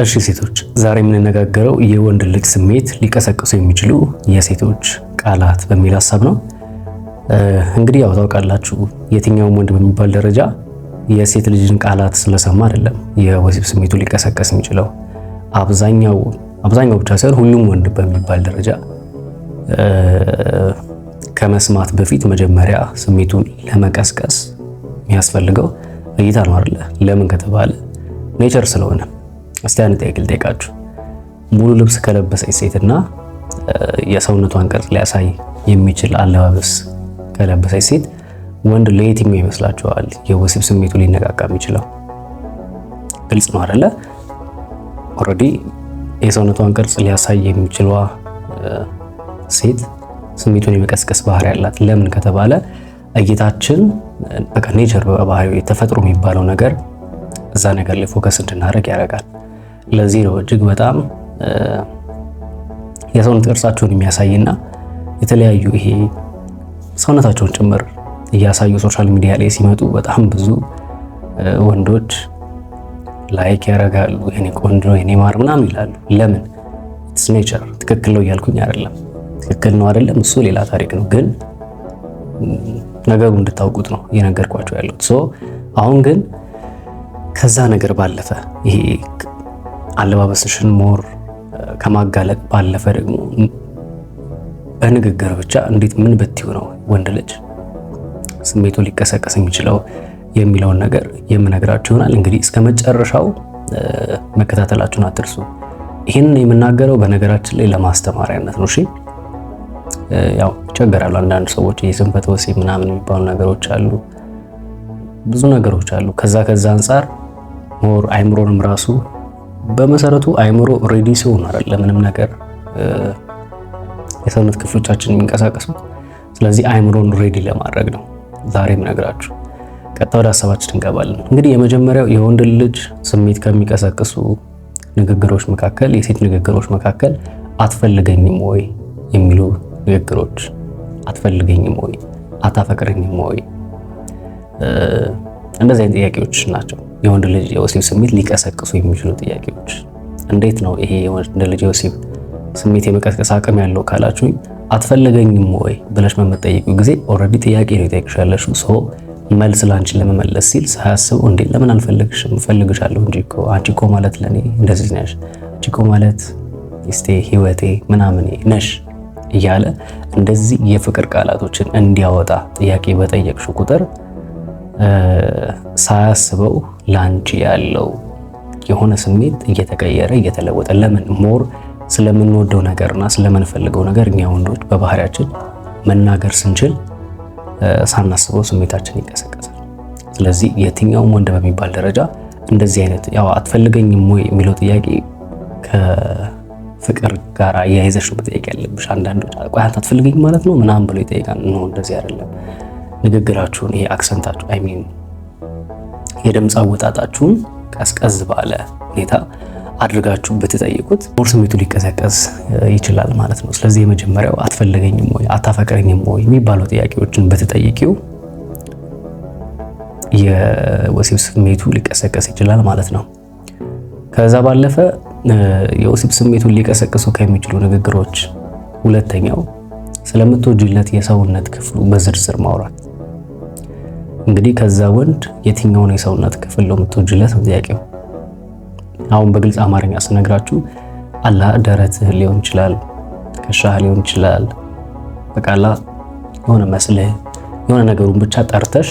እሺ ሴቶች፣ ዛሬ የምንነጋገረው የወንድ ልጅ ስሜት ሊቀሰቅሱ የሚችሉ የሴቶች ቃላት በሚል ሀሳብ ነው። እንግዲህ ያው ታውቃላችሁ የትኛውም ወንድ በሚባል ደረጃ የሴት ልጅን ቃላት ስለሰማ አይደለም የወሲብ ስሜቱ ሊቀሰቀስ የሚችለው። አብዛኛው አብዛኛው ብቻ ሳይሆን ሁሉም ወንድ በሚባል ደረጃ ከመስማት በፊት መጀመሪያ ስሜቱን ለመቀስቀስ የሚያስፈልገው እይታ ነው አይደለ? ለምን ከተባለ ኔቸር ስለሆነ እስቲ አንድ ጥያቄ ልጠይቃችሁ። ሙሉ ልብስ ከለበሰች ሴትና የሰውነቷን ቅርጽ ሊያሳይ የሚችል አለባበስ ከለበሰች ሴት ወንድ ለየትኛው ይመስላችኋል የወሲብ ስሜቱ ሊነቃቃ የሚችለው? ግልጽ ነው አይደለ? ኦልሬዲ የሰውነቷን ቅርጽ ሊያሳይ የሚችለዋ ሴት ስሜቱን የመቀስቀስ ባህሪ ያላት ለምን ከተባለ እይታችን በቃ ኔቸር በባህሪው የተፈጥሮ የሚባለው ነገር እዛ ነገር ላይ ፎከስ እንድናደርግ ያደርጋል። ለዚህ ነው እጅግ በጣም የሰውነት ቅርጻቸውን የሚያሳይና የተለያዩ ይሄ ሰውነታቸውን ጭምር እያሳዩ ሶሻል ሚዲያ ላይ ሲመጡ በጣም ብዙ ወንዶች ላይክ ያደርጋሉ። የኔ ቆንጆ የኔ ማር ምናምን ይላሉ። ለምን ኢትስ ኔቸር። ትክክል ነው እያልኩኝ አይደለም። ትክክል ነው አይደለም፣ እሱ ሌላ ታሪክ ነው። ግን ነገሩ እንድታውቁት ነው እየነገርኳቸው ያለሁት። ሶ አሁን ግን ከዛ ነገር ባለፈ ይሄ አለባበስሽን ሞር ከማጋለጥ ባለፈ ደግሞ በንግግር ብቻ እንዴት ምን በትው ነው ወንድ ልጅ ስሜቱ ሊቀሰቀስ የሚችለው የሚለውን ነገር የምነግራችሁ ይሆናል። እንግዲህ እስከ መጨረሻው መከታተላችሁን አትርሱ። ይህንን የምናገረው በነገራችን ላይ ለማስተማሪያነት ነው። እሺ፣ ያው ይቸገራሉ አንዳንድ ሰዎች የስንፈተ ወሴ ምናምን የሚባሉ ነገሮች አሉ፣ ብዙ ነገሮች አሉ። ከዛ ከዛ አንጻር ሞር አይምሮንም ራሱ በመሰረቱ አይምሮ ሬዲ ሲሆን አይደል ለምንም ነገር የሰውነት ክፍሎቻችን የሚንቀሳቀሱት። ስለዚህ አይምሮን ሬዲ ለማድረግ ነው ዛሬም ነግራችሁ። ቀጥታ ወደ ሀሳባችን እንገባለን። እንግዲህ የመጀመሪያው የወንድ ልጅ ስሜት ከሚቀሰቅሱ ንግግሮች መካከል የሴት ንግግሮች መካከል አትፈልገኝም ወይ የሚሉ ንግግሮች፣ አትፈልገኝም ወይ፣ አታፈቅረኝም ወይ እንደዚህ አይነት ጥያቄዎች ናቸው የወንድ ልጅ የወሲብ ስሜት ሊቀሰቅሱ የሚችሉ ጥያቄዎች። እንዴት ነው ይሄ የወንድ ልጅ የወሲብ ስሜት የመቀስቀስ አቅም ያለው ካላችሁኝ አትፈልገኝም ወይ ብለሽ በምትጠይቁ ጊዜ ኦልሬዲ ጥያቄ ነው ይጠይቅሻለሽ። ሶ መልስ ላንቺ ለመመለስ ሲል ሳያስበው እንዴ ለምን አልፈልግሽም እፈልግሻለሁ እንጂ እኮ አንቺ እኮ ማለት ለእኔ እንደዚህ ነሽ፣ አንቺ እኮ ማለት ስቴ ህይወቴ ምናምን ነሽ እያለ እንደዚህ የፍቅር ቃላቶችን እንዲያወጣ ጥያቄ በጠየቅሽው ቁጥር ሳያስበው ላንቺ ያለው የሆነ ስሜት እየተቀየረ እየተለወጠ ለምን ሞር ስለምንወደው ነገርና ስለምንፈልገው ነገር እኛ ወንዶች በባህሪያችን መናገር ስንችል ሳናስበው ስሜታችን ይቀሰቀሳል። ስለዚህ የትኛውም ወንድ በሚባል ደረጃ እንደዚህ አይነት ያው አትፈልገኝም ወይ የሚለው ጥያቄ ከፍቅር ጋር አያይዘሽ መጠየቅ ያለብሽ። አንዳንዶች ቆይ አንተ አትፈልገኝ ማለት ነው ምናምን ብሎ ይጠይቃል። እንደዚህ አይደለም። ንግግራችሁን ይሄ አክሰንታችሁ አይ ሚን የድምፅ አወጣጣችሁን ቀዝቀዝ ባለ ሁኔታ አድርጋችሁ ብትጠይቁት ሞር ስሜቱ ሊቀሰቀስ ይችላል ማለት ነው። ስለዚህ የመጀመሪያው አትፈልገኝም ወይ አታፈቅረኝም ወይ የሚባለው ጥያቄዎችን ብትጠይቂው የወሲብ ስሜቱ ሊቀሰቀስ ይችላል ማለት ነው። ከዛ ባለፈ የወሲብ ስሜቱን ሊቀሰቅሱ ከሚችሉ ንግግሮች ሁለተኛው ስለምትወጅለት የሰውነት ክፍሉ በዝርዝር ማውራት እንግዲህ ከዛ ወንድ የትኛውን የሰውነት ክፍል ነው የምትወጅለት ነው ጥያቄው። አሁን በግልጽ አማርኛ ስነግራችሁ አላ ደረትህ ሊሆን ይችላል፣ ከሻህ ሊሆን ይችላል። በቃላ የሆነ መስልህ የሆነ ነገሩን ብቻ ጠርተሽ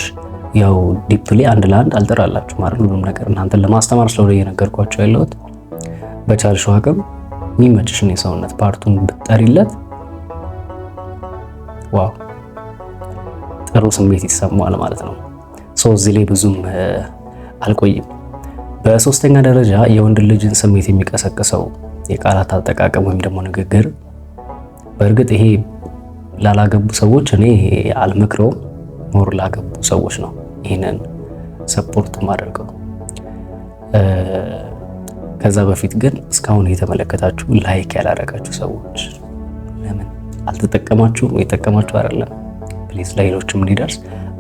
ያው ዲፕሊ አንድ ለአንድ አልጠራላችሁ ማለት ሁሉም ነገር እናንተን ለማስተማር ስለሆነ እየነገርኳቸው ያለሁት በቻልሽው አቅም የሚመችሽን የሰውነት ፓርቱን ብትጠሪለት ዋው ጥሩ ስሜት ይሰማዋል ማለት ነው። እዚህ ላይ ብዙም አልቆይም። በሶስተኛ ደረጃ የወንድ ልጅን ስሜት የሚቀሰቅሰው የቃላት አጠቃቀም ወይም ደግሞ ንግግር። በእርግጥ ይሄ ላላገቡ ሰዎች እኔ አልመክረውም፣ ሞር ላገቡ ሰዎች ነው ይህንን ሰፖርት ማደርገው። ከዛ በፊት ግን እስካሁን የተመለከታችሁ ላይክ ያላረጋችሁ ሰዎች ለምን አልተጠቀማችሁም? የጠቀማችሁ አይደለም ፕሊዝ ሌሎችም እንዲደርስ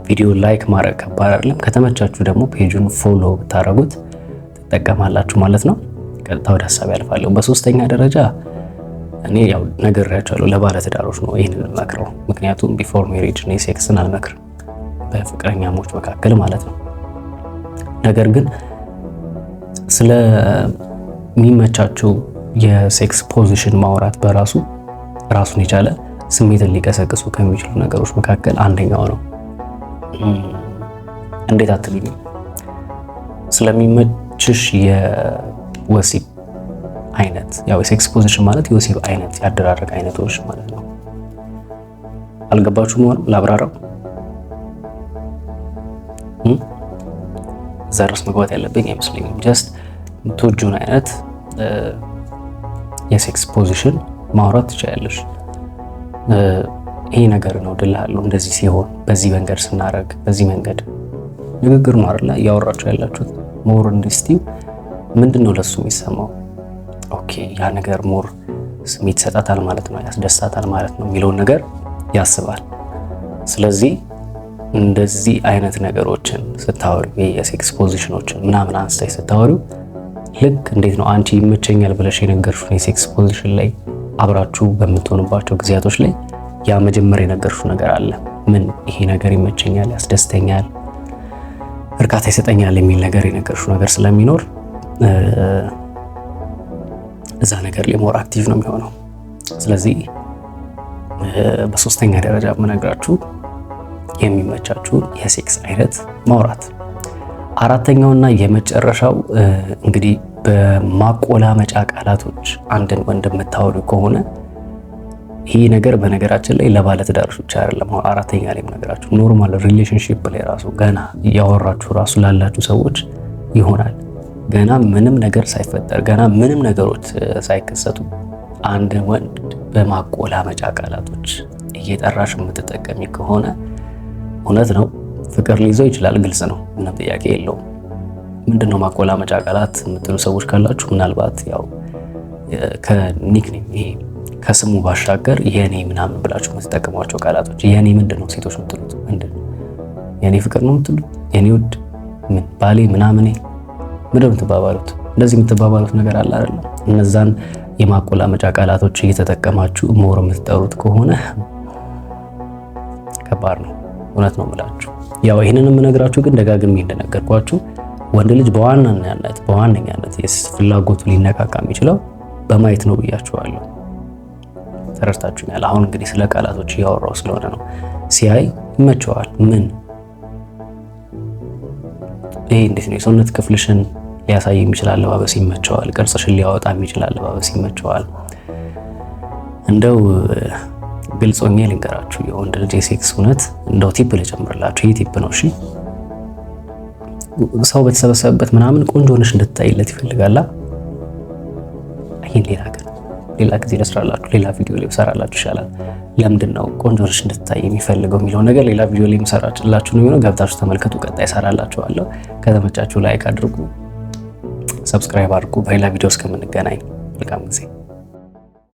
ቪዲዮ ላይክ ማድረግ ከባድ አይደለም። ከተመቻችሁ ደግሞ ፔጁን ፎሎ ብታደረጉት ትጠቀማላችሁ ማለት ነው። ቀጥታ ወደ ሀሳብ ያልፋለሁ። በሶስተኛ ደረጃ እኔ ያው ነግሬያቸዋለሁ፣ ለባለትዳሮች ነው ይህንን መክረው። ምክንያቱም ቢፎር ሜሪጅ እኔ ሴክስን አልመክርም በፍቅረኛሞች መካከል ማለት ነው። ነገር ግን ስለሚመቻቸው የሴክስ ፖዚሽን ማውራት በራሱ ራሱን የቻለ ስሜትን ሊቀሰቅሱ ከሚችሉ ነገሮች መካከል አንደኛው ነው። እንዴት አትልኝም ስለሚመችሽ የወሲብ አይነት ያው የሴክስ ፖዚሽን ማለት የወሲብ አይነት ያደራረግ አይነቶች ማለት ነው። አልገባችሁም? ሆነ ላብራራው። እዛ ድረስ መግባት ያለብኝ አይመስለኝም። ጀስት የምትወጂውን አይነት የሴክስ ፖዚሽን ማውራት ትችላለሽ። ይሄ ነገር ነው ድላለሁ እንደዚህ ሲሆን በዚህ መንገድ ስናደርግ በዚህ መንገድ ንግግር ነው አይደለ እያወራችሁ ያላችሁት ሞር እንዲስቲ ምንድን ነው ለሱ የሚሰማው ኦኬ ያ ነገር ሞር ስሜት ይሰጣታል ማለት ነው ያስደሳታል ማለት ነው የሚለውን ነገር ያስባል ስለዚህ እንደዚህ አይነት ነገሮችን ስታወሩ የሴክስ ፖዚሽኖችን ምናምን አንስታይ ስታወሪው ልክ እንዴት ነው አንቺ ይመቸኛል ብለሽ የነገርሽውን የሴክስ ፖዚሽን ላይ አብራችሁ በምትሆንባቸው ጊዜያቶች ላይ ያ መጀመሪያ የነገርሽው ነገር አለ። ምን ይሄ ነገር ይመቸኛል፣ ያስደስተኛል፣ እርካታ ይሰጠኛል የሚል ነገር የነገርሽው ነገር ስለሚኖር እዛ ነገር ላይ ሞር አክቲቭ ነው የሚሆነው። ስለዚህ በሶስተኛ ደረጃ የምነግራችሁ የሚመቻችሁ የሴክስ አይነት ማውራት። አራተኛውና የመጨረሻው እንግዲህ በማቆላመጫ ቃላቶች አንድን ወንድ የምታወሉ ከሆነ ይህ ነገር በነገራችን ላይ ለባለትዳሮች ብቻ አይደለም። አሁን አራተኛ ላይም ነገራችሁ ኖርማል ሪሌሽንሽፕ ላይ ራሱ ገና ያወራችሁ ራሱ ላላችሁ ሰዎች ይሆናል። ገና ምንም ነገር ሳይፈጠር ገና ምንም ነገሮች ሳይከሰቱ አንድ ወንድ በማቆላመጫ ቃላቶች እየጠራሽ የምትጠቀሚ ከሆነ እውነት ነው ፍቅር ሊይዘው ይችላል። ግልጽ ነው፣ ምንም ጥያቄ የለውም። ምንድነው ማቆላመጫ ቃላት የምትሉ ሰዎች ካላችሁ ምናልባት ያው ከኒክኔም ይሄ ከስሙ ባሻገር የኔ ምናምን ብላችሁ የምትጠቀሟቸው ቃላቶች የኔ ምንድን ነው? ሴቶች ምትሉት ምንድን ነው? የኔ ፍቅር ነው የምትሉት? የኔ ውድ ምን ባሌ ምናምኔ ምንድን የምትባባሉት? እንደዚህ የምትባባሉት ነገር አለ አይደል? እነዛን የማቆላመጫ ቃላቶች እየተጠቀማችሁ ሞር የምትጠሩት ከሆነ ከባድ ነው። እውነት ነው የምላችሁ። ያው ይህንን የምነግራችሁ ግን ደጋግሜ እንደነገርኳችሁ ወንድ ልጅ በዋናነት በዋነኛነት ፍላጎቱ ሊነካካ የሚችለው በማየት ነው ብያችኋለሁ። ተረድታችሁኛል። አሁን እንግዲህ ስለ ቃላቶች እያወራው ስለሆነ ነው። ሲያይ ይመቸዋል። ምን ይሄ እንዴት ነው? የሰውነት ክፍልሽን ሊያሳይ የሚችል አለባበስ ይመቸዋል። ቅርጽሽን ሊያወጣ የሚችል አለባበስ ይመቸዋል። እንደው ግልጽ ሆኜ ልንገራችሁ የወንድ ልጅ የሴክስ እውነት እንደው ቲፕ ልጨምርላችሁ። ይህ ቲፕ ነው እሺ። ሰው በተሰበሰበበት ምናምን ቆንጆ ሆነሽ እንድትታይለት ይፈልጋላ። ይህን ሌላ ሌላ ጊዜ ልስራላችሁ፣ ሌላ ቪዲዮ ላይ ሰራላችሁ ይሻላል። ለምንድን ነው ቆንጆ ነሽ እንድትታይ የሚፈልገው የሚለው ነገር ሌላ ቪዲዮ ላይ የምሰራላችሁ ነው የሚሆነው። ገብታችሁ ተመልከቱ። ቀጣይ እሰራላችኋለሁ። ከተመቻችሁ ላይክ አድርጉ፣ ሰብስክራይብ አድርጉ። በሌላ ቪዲዮ እስከምንገናኝ መልካም ጊዜ